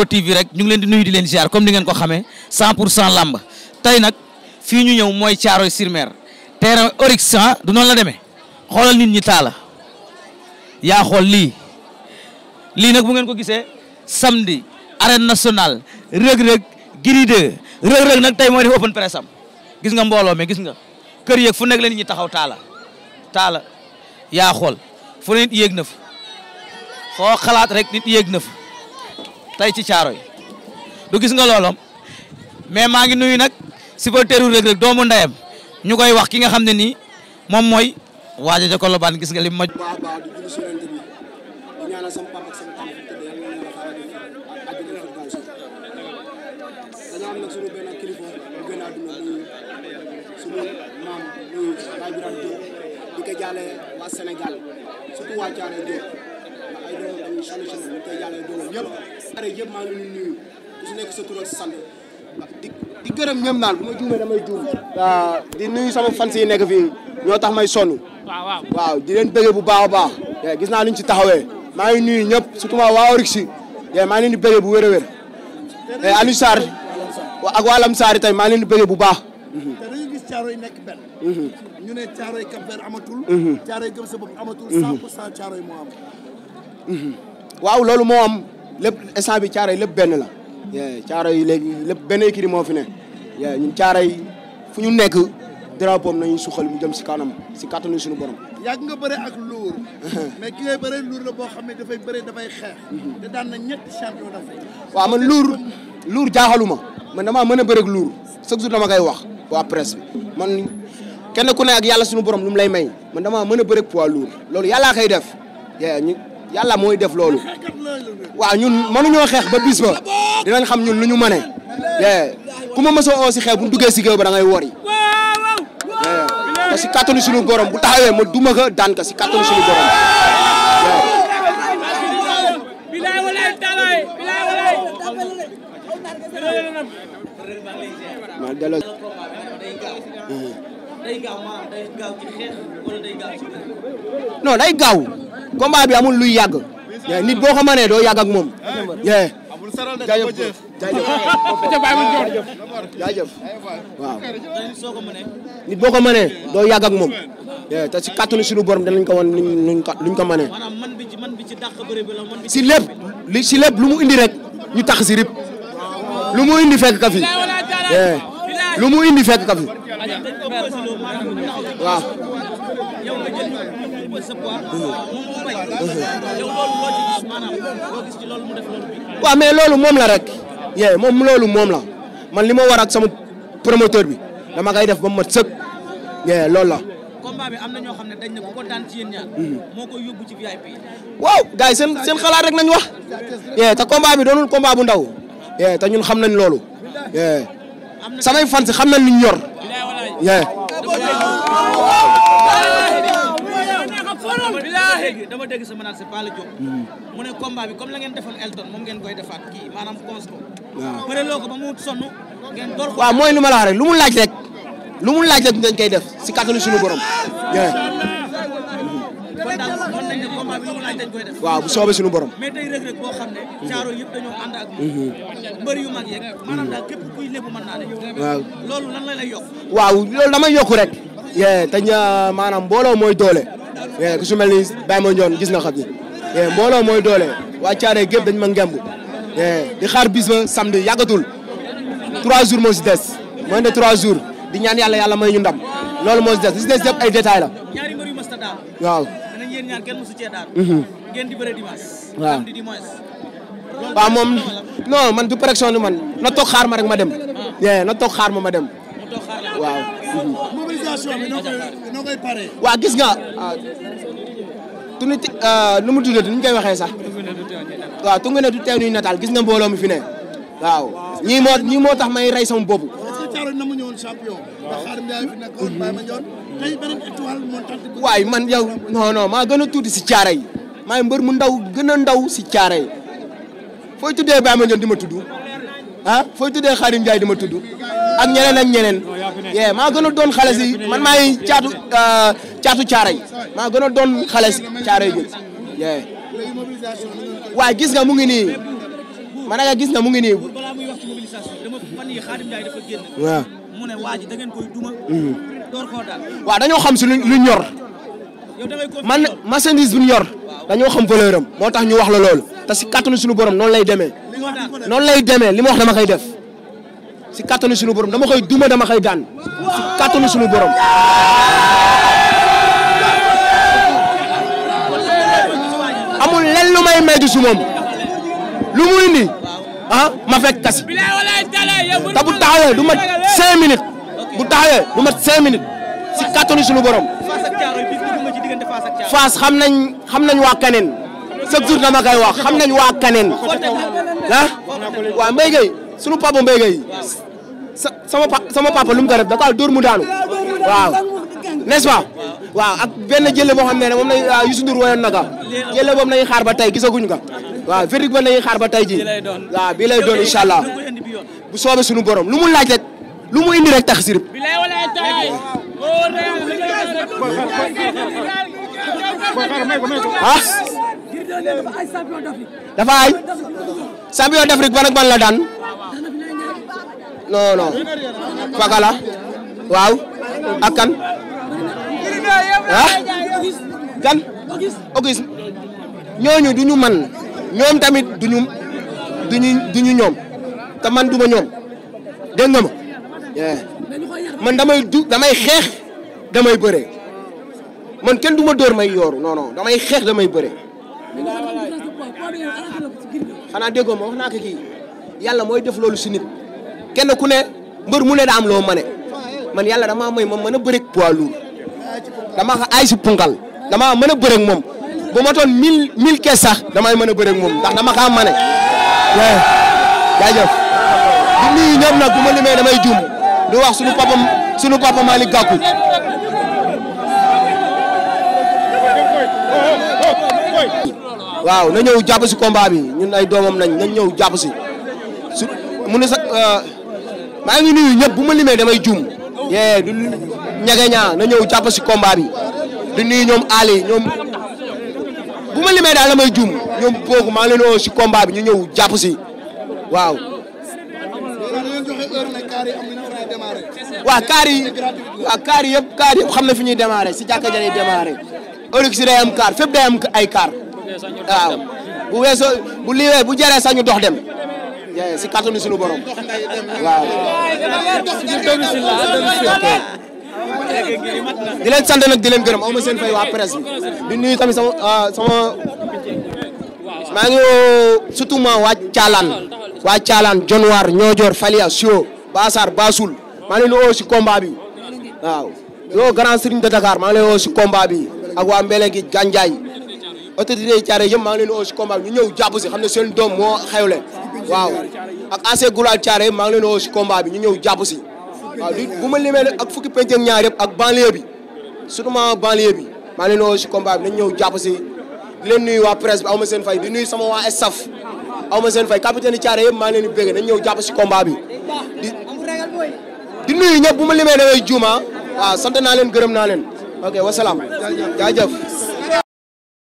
Leewtoo TV rek ñu ngi leen di nuyu di leen ziar comme ni ngeen ko xamee 100 pour 100 làmb tey nag fi ñu ñëw mooy Thiaroye sur Mer terrain Oryx du noon la demee xoolal nit ñi taala yaa xool lii lii nag bu ngeen ko gisee samedi arène nationale rëg-rëg giri de rëg-rëg nag tey mooy def open press gis nga mbooloo mi gis nga kër yéeg fu nekk la nit ñi taxaw taala taala yaa xool fu ne nit yéeg na fa foo xalaat rek nit yéeg na fa tey ci caaro du gis nga loolom mais maa ngi nuyu nag supporteru Reug Reug doomu ndeyam ñu koy wax ki nga xam ne nii moom mooy waajo ja Colobane gis nga li ma Sénégal Sadio Cheikh ñu koy jàllale doolal ñëpp. si nekk sa tur ak nekk fii ñoo tax may sonn. waaw waaw waaw leen bëggee bu baax a baax. Eh, gis naa luñ ci taxawee. maa ngi nuyu ñëpp surtout ma a Oryx yi. Eh, maa ngi leen di bëggee bu wér a wér. Eh, Aliou Sarr ak waa Lam Sarr tey maa ngi leen bëggee bu baax. te dañu gis Thiaroye nekk benn. Mhm. amatul. Thiaroye mhm. gëm sa bopp amatul. 100 mhm. pour waaw loolu moo am lépp instant bi caara lépp benn la caara yi léegi lépp benn écurie moo fi ne ñun caara yi fu ñu nekk drapeau nañu suqal mu jëm si kanam si kattanu suñu borom. yàgg nga bëre ak luur. mais ki ngay bëre la boo xam ne dafay bëre dafay xeex. Mhm. te daan na ñetti champion d'Afrique. waaw man luur luur jaaxaluma mën a bëre ak luur dama koy wax waa presse man kenn ku ne ak yàlla suñu borom lu mu lay may man damaa mën a bëre ak poids luur loolu yàllaa koy def ñu. yàlla mooy def loolu waaw ñun mënuñoo xeex ba bis ba dinañ xam ñun lu ñu mëne ku ma mësoo oo si xeex bu ñu duggee si géew ba da ngay wori te si kattanu suñu bu taxawee ma duma ko daan ko si kattanu suñu borom ma delloo day gaaw gaaw ci xeex wala bi amul luy yàgg nit boo ko manee doo yàgg ak moom. jaajëf jaajëf waaw nit boo ko mënee doo yàgg ak moom te si kàttanu suñu borom danañ ko wan luñ ko luñ ko mënee. si lépp li si lépp lu mu indi rek ñu tax si rib lu mu indi fekk ka fi. lu mu indi fekk ka fi loolu moom la rek. yee moom loolu moom la man li ma war ak sama promoteur bi dama koy def ba mat sëkk yee loolu la. combat am na ñoo xam ne dañ ne ku mhm. moo koy yóbbu ci VIP. waaw gars seen seen xalaat rek nañ wax. yee te combat bi doonul combat bu ndaw. yee te ñun xam nañ loolu. yee. samay fan xam na li ñu yor. yee. dama dégg sama naan c'est pas le job mu ne combat bi comme la ngeen defoon Elton moom ngeen koy defaat kii maanaam consto bëre loo ko ba mu sonn mooy lu ma la rek lu mu laaj rek lu mu laaj rek dañ koy def si kàttalu suñu borom waaw bu soobee suñu borom. Mhm. waaw loolu lan la lay yokk. waaw rek. te ñu maanaam mbooloo mooy doole. ku su mel ni Baye Mandione gis na xam ni. mbooloo mooy doole waa caare gépp dañ ma ngemb. di xaar bis ba samedi yàggatul. trois jours moo si des. moins de trois jours di ñaan yàlla yàlla may ñu ndam. loolu moo si des li si des yëpp ay waaw. nañ yéen ñaar kenn mosu cee daan. Mhm. ngeen di bëre dimanche. waaw samedi dimanche. waaw moom non man du pression ni man na toog xaar ma rek ma dem. waaw ah. na toog xaar ma ma dem. na toog xaar ma waaw. waa bi gis nga. tu ah, nit ah, nu mu tuddati nuñ koy waxee sax. waaw tungu nataal gis nga mbooloo mi fi ne. waaw ñii moo ñii moo tax may rey sama bopp. mu ñëwoon champion. waay man yow non non maa gën a tuuti si caara yi maay mbër mu ndaw gën a ndaw si caara yi fooy tuddee Baye di ma tudd ah tuddee Xaadim Njaay di ma tudd ak ñeneen ak ñeneen yee maa gën a doon xale man maay caatu uh, caatu caara yi maa gën a doon xale si caara yi yee waaye gis nga mu ngi nii ma gis nga mu ngi nii waaw ne waa ji da ngeen mm-hmm. dañoo xam si luñ yor. yow da ngay ko man marchandise buñ yor. dañoo xam valeur moo tax ñu wax la loolu te si kattanu suñu borom noonu lay demee. noonu lay demee li ma wax dama koy def si kattanu suñu borom dama koy duma dama koy daan si kattanu suñu borom. lu may métti si moom lu muy ni ah ma fekk kasi te bu taxawee du mat 5 minutes bu taxawee du mat 5 minutes si kattanu suñu borom. Fass xam nañ xam nañ waa Kaneen chaque jour dama kay wax xam nañ waa Kaneen ah waaw Mbaye Gueye sunu papa Mbaye Gueye sama papa sama papa lu mu ko da kaa mu daanu waaw n'est-ce waaw ak benn jëlle boo xam ne ne moom na ko xaar ba tey gisaguñ ko waaw verdict ba nañu xaar ba tey ji waaw bii lay doon incha bu soobee suñu borom lu mu laaj lu mu indi rek tax sirib ah dafa ay champion d'Afrique ban ak la daan non non Fakala waaw ak ah kan ogis ñooñu du ñu man ñoom tamit du ñu du ñu du ñu ñoom te man du ma ñoom dégg nga ma man damay du damay xeex damay bëre man kenn du ma dóor may yooru non non damay xeex damay bëre xanaa déggoo ma wax naa ko kii yàlla mooy def loolu si nit kenn ku ne mbër mu ne daa am loo mane man yàlla damaa may ma mën a bëre poids lourd dama xa ay si dama mën a bëre ak moom bu ma doon mille mille sax damay mën a bëre ak moom ndax dama xaa mane jaajëf di nuyu ñoom nag bu ma limee damay juum di wax suñu papa suñu papa Malick na ñëw jàpp si combat bi ñun ay doomam nañ nañ ñëw jàpp si su euh, maa ngi nuyu ñëpp bu ma limee damay juum yee du ñage ñaa na ñëw jàpp si combat bi di nuyu ñoom Ali ñoom bu ma limee daal damay juum ñoom boogu maa ngi woo si combat bi ñu ñëw jàpp si waaw. waaw kaar yi waaw kaar yëpp kaar xam na fi ñuy démarré si jàkka ja lay démarré si day am kaar fépp day ay kaar waaw bu weesoo bu liwee bu jëree sax dox dem si kàttanu suñu borom waaw. di leen sant nag di leen gërëm aw ma seen fay waa presse bi tamit sama ah, sama maa ngi surtout ma waa Thialane waa Thialane Dionewar Niodior Falia Sio Bassar Bassoul maa ngi leen di woo si combat bi waaw yow grand Dakar maa ngi leen di woo si combat bi ak waa Mbelengi Gandiaye autorité yi Thiaré yëpp maa ngi leen di woo si combat bi ñu jàpp si xam ne seen doom moo xewle waaw ak AC Goulal Thiaré maa ngi leen di woo si combat bi ñu ñëw jàpp si waa di bu ma limee nag ak fukki penc ak ñaar yëpp ak banlieue bi surtout banlieue bi maa leen woo si combat bi nañ ñëw jàpp si di leen nuyu waa presse bi aw ma seen fay di nuyu sama waa staff aw ma seen fay capitaine Thiaré yëpp maa leen di bëgg ñëw jàpp si combat bi di di nuyu ñëpp bu ma limee da juuma waaw sant naa leen gërëm naa leen ok wasalaam jaajëf